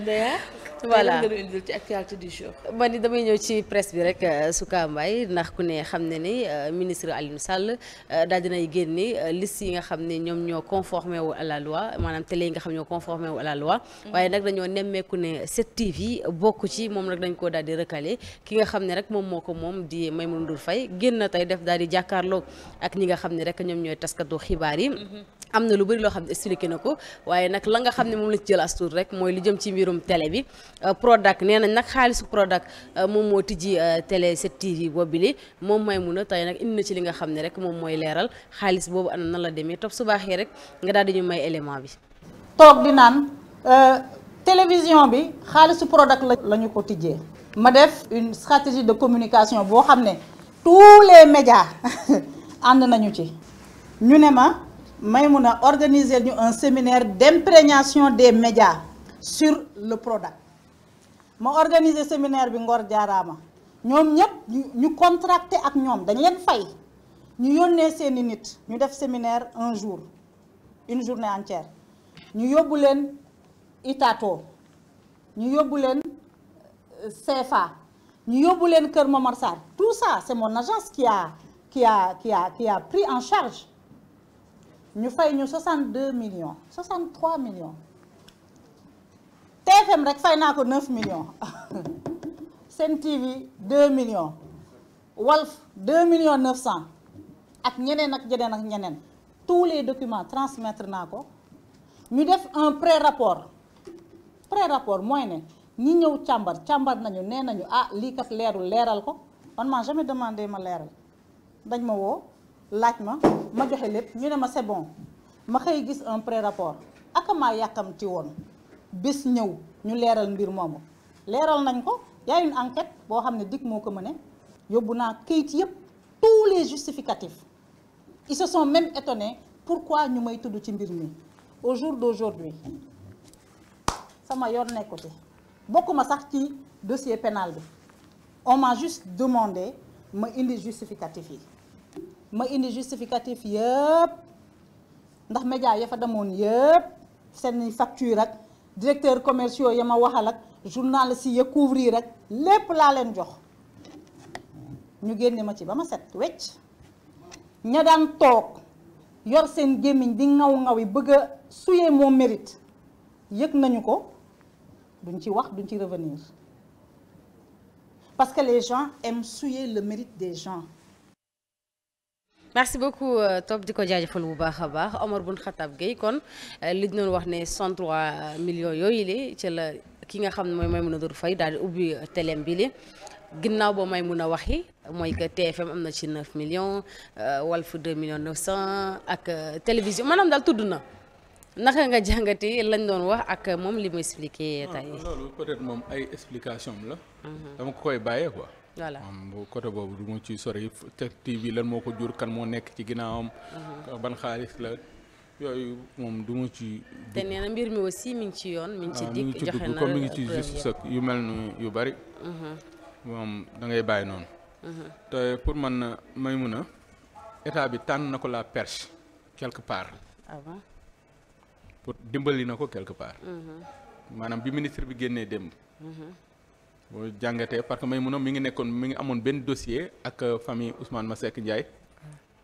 Ndeya voilà nga indil ci actualité du jour. man bi rek euh, Souka Mbaye ndax ku ne xam ne ni euh, ministre Alioune Sall euh, daal dinay génne liste yi nga xam ne ñoom ñoo conformé wu à la nga xam ñoo conformé wu mm-hmm. waaye nag dañoo nemmeeku ne 7TV bokk ci moom nag dañ koo daal di recalé ki nga xam ne rek moom moo ko moom di Maimouna Ndour Faye génn tey def daal di jàkkaarloo ak ñi nga xam ne rek ñoom ñooy taskatu xibaar yi. Mm-hmm. am na lu bëri loo xam ne expliqué na ko waaye nag la nga xam ne moom la ci jël as rek mooy lu jëm ci mbirum télé bi Euh, Prodac nee nañ nag xaalisu Prodac euh, moom moo tijji euh, télé 7TV boobu li moom may mun a tey nag indi na ci li nga xam ne rek moom mooy leeral xaalis boobu ana nan la demee topp su baaxee rek nga daal di ñu may élément bi. toog di naan télévision bi xaalisu Prodac la ñu ko tijjee. ma def une stratégie de communication boo xam ne tous les médias ànd nañu ci ñu ne ma may mun a organiser ñu un séminaire d' imprégnation des médias sur le Prodac. ma organiser séminaire bi Ngor jaaraama ñoom ñëpp ñu contracté ak ñoom dañ leen fay ñu yónnee seeni nit ñu def séminaire un jour une journée entière ñu yóbbu leen Itato ñu yóbbu leen euh, CFA ñu yóbbu leen Kër Momar Sarr tout ça c'est mon agence qui a ki a qui a pris en charge ñu fay ñu 62 millions 63 millions TFM rek fay naa ko 9 millions Sen TV 2 millions Walf 2 millions 900 ak ñeneen ak jeneen ak ñeneen tous les documents transmettre naa ko ñu def un pré rapport pré rapport mooy ne ñi ñëw càmbar càmbar nañu nee nañu ah lii kat leeru leeral ko man maa jamais demandé ma leeral dañ ma woo laaj ma ma joxe lépp ñu ne ma c'est bon ma xëy gis un pré rapport ak maa yàkkamti woon. bés ñëw ñu leeral mbir moomu leeral nañ ko yaay une enquête boo xam ne DIC moo ko mëne yóbbu naa kayit yëpp tous les justificatifs ils se sont même étonnés pourquoi ñu may tudd ci mbir mi au jour d'aujourd'hui sama yoon nekku ci bokkuma sax ci dossier pénal bi on m'a juste ma indi justificatif yi ma indi justificatif yëpp ndax média ya fa demoon yëpp seen facture ak directeur commerciaux ya ma waxal ak journaliste ya couvrir rek lépp laa leen jox ñu génne ma ci ba ma set wecc ña daan toog yor seen gémmiñ di ngaw ngaw yi bëgg a suyee moom mérite yëg nañu ko duñ ci wax duñ ci revenir parce que les gens aiment suye le mérite des gens merci beaucoup euh, Top di ko jaajëfal bu baax a baax Omar Bun Xatab Gueye kon euh, li ñu doon wax ne 103 millions yooyu la ci la ki nga xam ne mooy a Ndour fay daal di ubbi euh, telem bi li ginnaaw boo may mun a waxi mooy que TFM am na ci million millions Walf 2 millions 900 ak télévision maanaam daal tudd na naka nga jàngati lañ doon wax ak moom li mu expliqué tey. Ah, moom ay la. Mhm. dama ko koy bàyyee quoi. voilà bu côté boobu du ma ciy sori Tek TV lan moo ko jur kan moo nekk ci ginnaawam. Mhm. ban xaalis la yooyu moom du mu ci. te nee mbir mi aussi mi ngi ci yoon. mi ngi ci ah, dikk joxe na comme ngi ci juste yu mel ni yu bari. Mhm. moom dangay bàyyi noonu. Mhm. te pour man may mun a état bi tànn na ko la perche quelque part. Ah pour dimbali na ko quelque part. maanaam bi ministre bi génnee démb. boo jàngatee parce que Maimouna mi ngi nekkoon mi ngi amoon benn dossier ak euh, famille Ousmane Masseck Ndiaye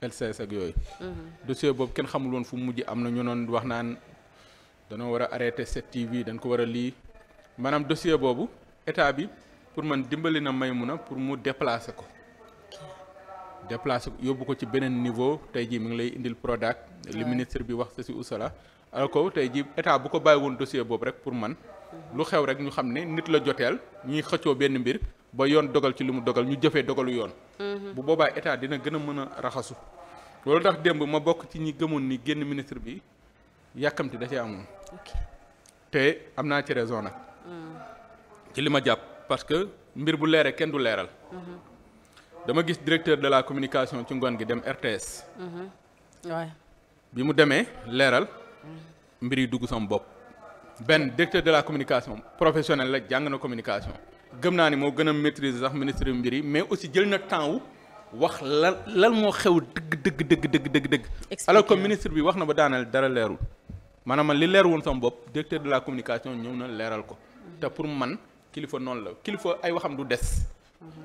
LCS ak yooyu. Mm-hmm. dossier boobu kenn xamul woon fu mu mujj am na ñu doon wax naan danoo war a arrêté cette TV dañ ko war a lii maanaam dossier boobu état bi pour man dimbali na may a pour mu déplacer ko. déplacer ko yóbbu ko ci beneen niveau tey jii mu ngi lay indil Prodac. li ministre bi wax sa si usala alors que tey jii état bu ko bàyyi woon dossier boobu rek pour man. lu xew rek ñu xam ne nit la joteel ñuy xëccoo benn mbir ba yoon dogal ci lu mu dogal ñu jëfee dogalu yoon. Mhm. bu boobaa état dina gën a mën a raxasu. loolu tax démb ma bokk ci ñi gëmoon ni génn ministre bi yàkkamti da cee amoon. te am naa ci raison nag. Mhm. ci li ma jàpp parce que mbir bu leeree kenn du leeral. Mhm. dama gis directeur de la communication ci ngoon gi dem RTS. bi mu demee leeral. mbir yi dugg sama bopp. benn directeur de la communication professionnel la jàng na communication gëm naa ni moo gën a maîtriser sax ministre mbir yi mais aussi jël na temps wu wax lan lan moo xew dëgg dëgg dëgg dëgg dëgg dëgg alors que ministre bi wax na ba daanal dara leerul maanaam man li leer woon sama bopp directeur de la communication ñëw na leeral ko te pour man kilifa noonu la kilifa ay waxam du des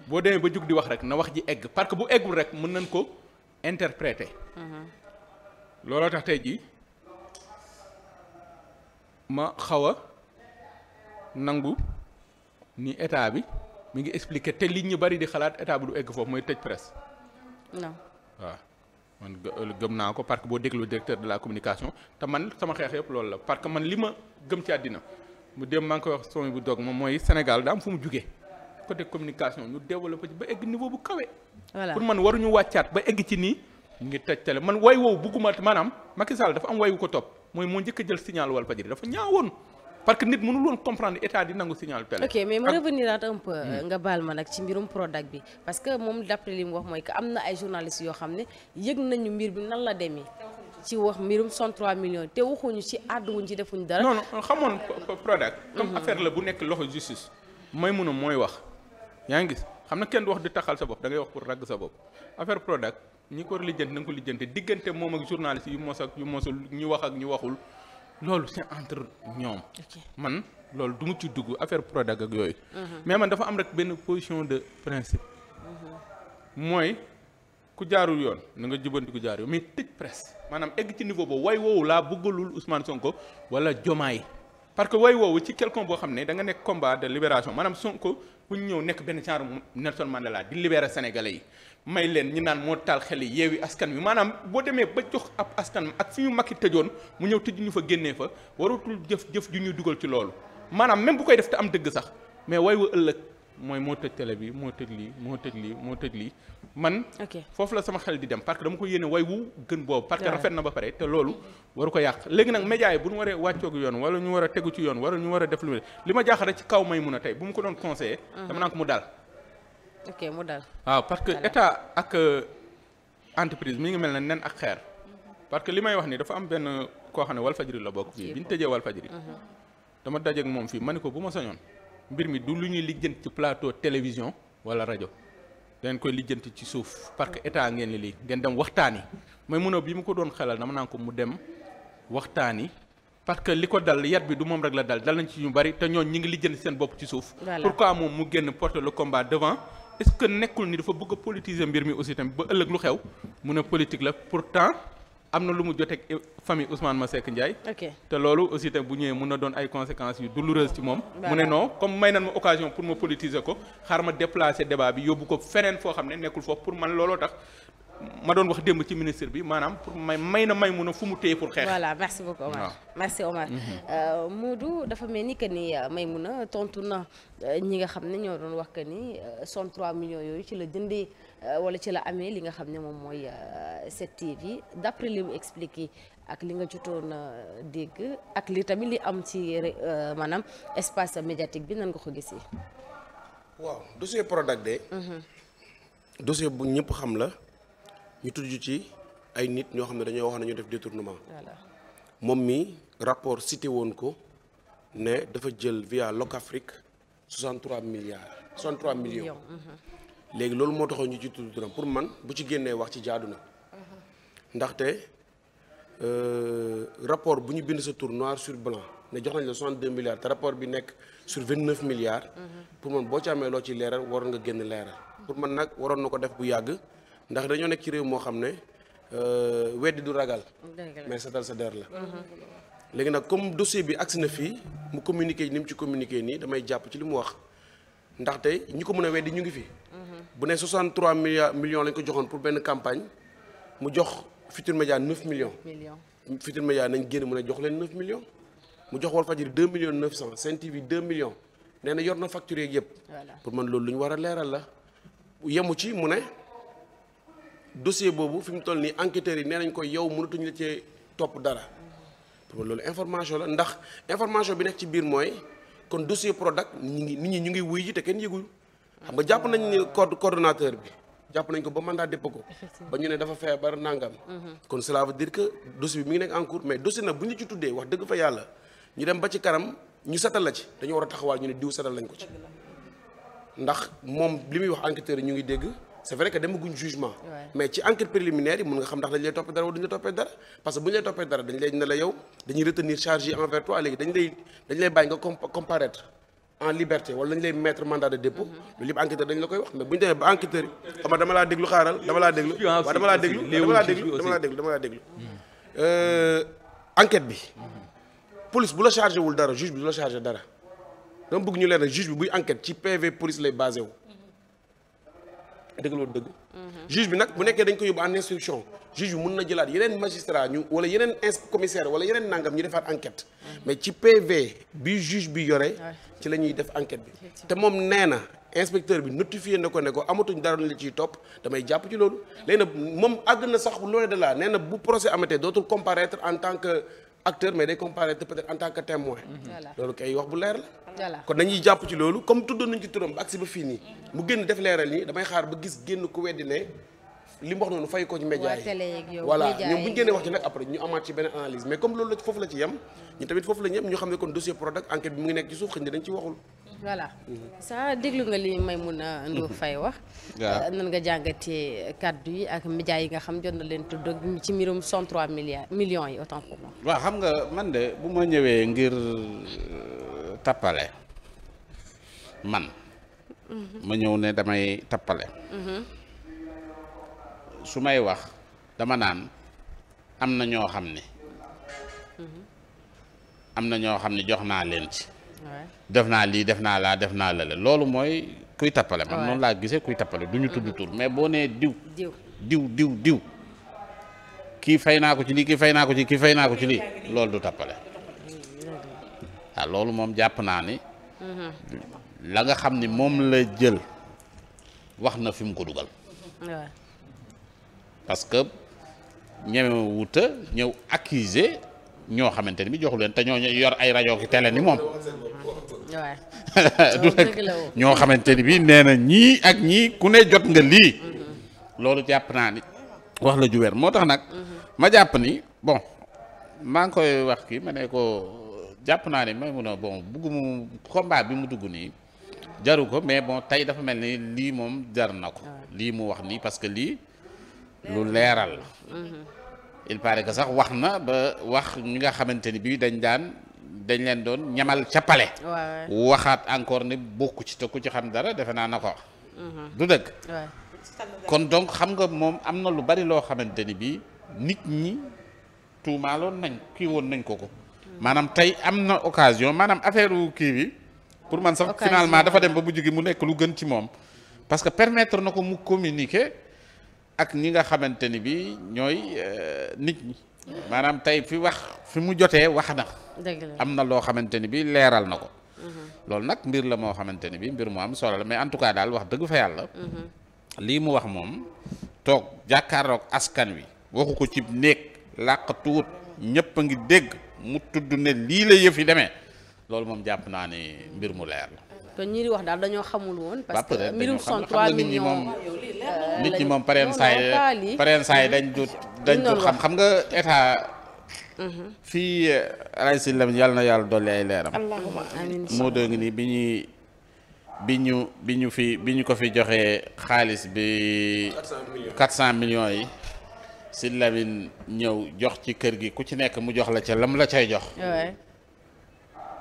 boo demee ba jug di wax rek na wax ji egg parce que bu eggul rek mën nañ ko interpréter mhm. ma xaw a nangu ni état bi mi ngi expliquer te li ñu bari di xalaat état bi du egg foofu mooy tëj presse. non waaw man gëm naa ko parce que boo déglu directeur de la communication te man sama xeex yëpp loolu la parce que man li ma gëm ci àddina mu dem maa ngi koy wax son bu dog moom mooy Sénégal daam fu mu jugee côté communication ñu développé ci ba egg niveau bu kawe. voilà pour man waruñu wàccaat ba egg ci nii. mu ngi tëj télé man way woowu bugguma maanaam Macky Sall am way wu ko topp. mooy moo njëkk a jël signal Walfadjri dafa ñaawoon parce que nit mënul woon comprendre état di nangu signal télé. ok mais ma revenir aat un peu hmm. nga baal ma nag ci mbirum Prodac bi parce que moom d'après li mu wax mooy que am na ay journalistes yoo xam ne yëg nañu mbir bi nan la demee. ci wax mbirum 103 millions te waxuñu ci àdduwuñ ci defuñ dara. non non xamoon euh, Prodac. comme hmm. affaire la bu nekk loxo justice. may mun a mooy wax yaa ngi gis xam na kenn wax di taxal sa bopp da ngay wax pour ragg sa bopp affaire Prodac. ñi ko lijjanti na nga ko lijjanti diggante moom ak journaliste yu mos ak yu mosul ñu wax ak ñu waxul loolu c'est entre ñoom. man loolu du mu ci dugg affaire Prodac ak yooyu. Mhm. mais man dafa am rek benn position de principe. Mhm. mooy ku jaarul yoon na nga jubanti ku jaar yoon mais tëj presse maanaam egg ci niveau boobu way woowu laa bëggalul Ousmane Sonko wala Jomaay parce que way woowu ci quelqu'un boo xam ne da nga nekk combat de libération maanaam Sonko bu ñu ñëw nekk benn genre Nelson Mandela di libérer sénégalais may leen ñi naan moo taal xel yi yeewi askan wi maanaam boo demee ba jox ab askan ak fi ñu makki tëjoon mu ñëw tëj ñu fa génnee fa waratul jëf jëf ju ñuy dugal ci loolu maanaam même bu koy def te am dëgg sax mais way wa ëllëg mooy moo tëj télé bi moo tëj lii moo tëj lii moo tëj lii man foofu la sama xel di dem ko yéene gën boobu parce na ba pare loolu waru ko yàq léegi nag média yi bu ñu waree wàccoog yoon wala ñu war a ci yoon wala ñu war a def li ma jaaxal ci kaw may mun a tey bu mu ko doon conseil dama naan ko mu daal ok mu dal. waaw parce que état ak euh, entreprise mi ngi mel ne nen ak xeer. parce que li may wax ni dafa am benn koo xam ne Walfadjri la bokk fii bi ñu tëjee Walfadjri mhm. dama dajeeg moom fii ma ne ko bu ma sañoon mbir mi du lu ñuy lijjanti ci plateau télévision wala rajo dangeen koy lijjanti ci suuf parce que état ngeen li lii ngeen dem waxtaani may mënoo bi mu ko doon xelal dama naa ko mu dem waxtaani parce que li ko dal yat bi du moom rek la dal dal nañ ci ñu bari te ñooñ ñi ngi lijjanti seen bopp ci suuf pourquoi moom mu génn porter le combat devant est-ce que nekkul ni dafa bëgg a politiser mbir mi aussi tamit ba ëllëg lu xew mu ne politique la pourtant am na lu mu joteeg famille Ousmane ma Ndiaye. ok te loolu aussi tamit bu ñëwee mun na doon ay conséquences yu douloureuses ci moom. mu ne non comme may nan ma occasion pour ma politiser ko xaar ma déplacé débat bi yóbbu ko feneen foo xam ne nekkul foofu pour man looloo tax. ma doon wax démb ci ministre bi maanaam pour may may na may mun a fu mu téye pour xeex. voilà merci beaucoup Omar merci Omar. Mhm. Euh, Moodu dafa mel ni que nii euh, may mun a tontu na euh, ñi nga xam ne ñoo doon wax que ni son 3 millions yooyu ci la jëndee wala ci la amee li nga xam ne moom mooy 7TV d'après li mu expliqué. ak li nga jotoon dégg ak li tamit li am ci maanaam espace médiatique bi nan nga ko gisee. waaw dossier Prodac de. Mhm. dossier bu ñëpp xam la. ñu tudd ci ay nit ñoo xam ne dañoo wax ne ñu def détournement moom mi rapport cité woon ko ne dafa jël via Locafrique 63 milliards 63 millions mhm. léegi loolu moo taxoon ñu ci tudd turam pour man bu ci génnee wax ci jaadu na mhm. ndaxte euh, rapport bu ñu bind sa tour noir sur blanc ne jox nañ la 62 milliards te rapport bi nekk sur 29 milliards mhm. pour man boo ci amee loo ci leeral waroon nga génn leeral pour man nag waroon na ko def bu yàgg ndax dañoo nekk ci réew moo xam ne euh, weddi du ragal. mais setal sa der la. Mm-hmm. léegi nag comme dossier bi agsi na fii mu communiqué ni mu ci communiqué nii damay jàpp ci li mu wax ndax ndaxte ñi ko mun a weddi ñu ngi fi. Mm-hmm. bu ne 63 milliards millions lañ ko joxoon pour benn campagne mu jox Futurs Médias 9 millions. millions Futurs Médias nañ génn mu ne jox leen 9 millions. mu jox Walfadjri 2 millions 900 Sen TV 2 millions nee na yor na facture yeeg yëpp. pour man loolu lu ñu war a leeral la yemu ci mu ne. dossier boobu fi mu toll nii enquêteurs yi nee nañ ko yow mënatuñu la cee topp dara loolu information la ndax information bi nekk ci biir mooy kon dossier Prodac ñu ngi nit ñi ñu ngi wuy ji te kenn yëgul xam nga jàpp nañ ne coordonnateur bi jàpp nañ ko ba mandat depp ko ba ñu ne dafa feebar nangam. Mhm. kon cela veut dire que dossier bi mi ngi nekk en cours mais dossier nag bu ñu ci tuddee wax dëgg fa yàlla ñu dem ba ci kanam ñu setal la ci dañu war a taxawaal ñu ne diw setal lañ ko ci ndax moom li muy wax enquêteurs yi ñu ngi dégg. c'est vrai que demaguñ jugement mais ci enquête préliminaire yi mun nga xam ndax dañu lay toppee dara wala duñu lay toppee dara parce que bu ñu lay toppee dara dañu lay ne la yow dañuy retenir charge yi envers toi léegi bàyyi nga comparaître en liberté wala dañu lay mettre mandat de dépôt mm-hmm. loolu yëpp enquêteur dañu la koy wax mais bu ñu demee ba enquêteur yi xam nga dama laa déglu xaaral dama laa déglu waaw dama laa déglu dama laa déglu dama mm-hmm. euh, bi mm-hmm. police bu la chargé wul dara juge bi du la chargé dara dama bëgg ñu leer nag juge bi ci PV police lay basé wu dëgg loolu dëgg mhm. juge bi nag bu nekkee dañ ko yóbbu en instruction juge bi mun na jëlaat yeneen magistrat ñu wala yeneen ins commissaire wala yeneen nangam ñu defaat enquête mhm. mais ci PV bi juge bi yore ci la ñuy def enquête bi te moom nee na inspecteur bi notifié ne ko ne ko amatuñ dara li ciy topp damay jàpp ci loolu léegi nag moom àgg na sax loolu de la nee na bu procès amatee dootul comparaitre en tant que acteur mais day comparaître peut-être en tant que témoin loolu kay wax bu leer la kon dañuy jàpp ci loolu comme tuddoon nañ ci turam ba agsi ba fii nii mu génn def leeral nii damay xaar ba gis génn ku weddi ne li mu wax noonu fay ko ci média ñoom bu génnee wax ci nag après ñu amaat ci benn analyse mais comme loolu foofu la ci yem ñu tamit foofu la ñu ñu xam ne kon dossier Prodac enquête bi mu ngi nekk ci suuf xëñ dañ ci waxul voilà sa mm-hmm. déglu nga li Maimouna Ndour mm-hmm. Faye wax euh, nan nga jàngatee kàddu yi ak médias yi nga xam jot na leen tudd ci mbirum 103 milliards million yi autant pour moi waaw xam nga man de bu ma ñëwee ngir euh, tappale man mm-hmm. ma ñëw ne damay tappale su may wax dama naan am na ñoo xam ni am na ñoo xam ne jox naa leen ci def naa lii def naa laa def naa la loolu mooy kuy tappale man noonu laa gisee kuy tappale du ñu tudd tur mais boo nee diw diw diw diw kii fay naa ko ci lii kii fay naa ko ci kii fay naa ko ci lii loolu du tappale waaw ah, loolu moom jàpp naa ni la nga xam ni moom la jël wax na fi mu ko dugal parce que ñëw accuser ñoo xamante ni mi joxu leen te ñoo yor ay rajo ki télé ni moom du rek ñoo xamante ni bii nee na ñii ak ñii ku ne jot nga lii mm-hmm. loolu jàpp naa ni wax la ju wér moo tax nag mm-hmm. ma jàpp ni bon maa ngi koy wax kii ma ne ko jàpp naa ni may mun a bon mu combat bi mu dugg nii jaru ko mais bon tey dafa mel ni lii moom jar na ko lii mu wax nii parce que lii lu leeral il paraît que sax wax na ba wax ñi nga xamante ni bii dañ daan dañ leen doon ñamal ca waxaat encore ne bokku ci te ku ci xam dara defe naa na ko wax mhm. du dëgg kon donc xam nga moom am na lu bari loo xamante ni bii nit ñi tuumaaloon nañ kii woon nañ ko ko mm. maanaam tey am na occasion maanaam affaire wu kii bi pour man sax finalement dafa dem ba bu jógi mu nekk lu gën ci moom parce que permettre na ko mu communiquer ak ñi nga xamante ni bi ñooy euh, nit ñi maanaam tey fi wax fi mu jotee wax na am na loo xamante ni bi leeral na ko mhm. loolu nag mbir la moo xamante ni bi mbir mu am solo la mais en tout cas daal wax dëgg fa yàlla mhm. lii mu wax moom toog jàkkaaroog askan wi waxu ko cib néeg làq tuut ñëpp a ngi dégg mu tudd ne lii la yëf yi demee loolu moom jàpp naa ne mbir mu leer la kon ñi di wax daal dañoo xamul woon parce mbirum son 3 nit ñi moom pareen saa yi pareen saa yi dañ du dañ du xam xam nga état mhm. fii ray si yàlla na yàlla dolli ay leeram moo doo ngi nii bi ñuy bi ñu bi ñu fi bi ñu ko fi joxee xaalis bi 400 million yi si lamin ñëw jox ci kër gi ku ci nekk mu jox la ca lam la cay jox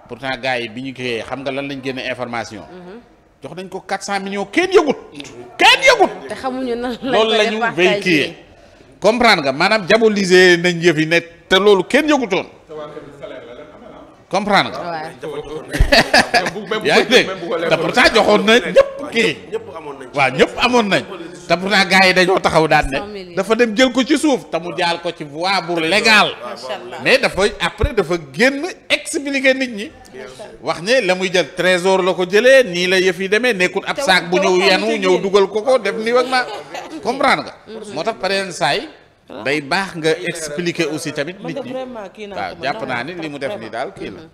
pourtant gars yi bi ñu koyee xam nga lan lañ génne information mhm. jox nañ ko 400 millions kenn yëgut kenn yëgut. te xamuñu nan loolu la ñu véhiculer comprendre nga maanaam diaboliser nañ yëf yi ne te loolu kenn yëgutoon. comprendre nga. waaw yaa ngi dégg te pourtant joxoon na ñëpp kii waaw ñëpp amoon nañ. te pourtant gaa yi dañoo taxaw daan ne dafa dem jël ko ci suuf te mu jaal ko ci voie bu légal mais dafa après dafa génn expliquer nit ñi wax ne la muy jël trésor la ko jëlee nii la yëf yi demee nekkul ab saak bu ñëw yenu ñëw dugal ko ko def nii wag naa comprendre nga mhm. moo tax pare pareen saay day baax nga expliquer aussi tamit nit ñi waaw jàpp naa ni mm-hmm. li mu def ni daal kii la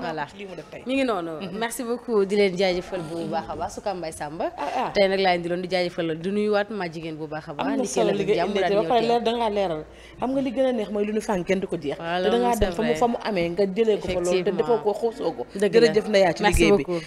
voilà ngi noonu mm-hmm. merci beaucoup di leen jaajëfal bu baax a baax Souka Mbaye ah, ah. tey nag laa indi loon di jaajëfal di nuyuwaat ma jigéen bu baax a nga indi gën a neex mooy lu ñu fànk kenn du ko jeex te dangaa dem fa mu fa mu amee nga jëlee ko fa loolu te defoo ko xuusoo ko jërëjëf na yaa ci liggéey bi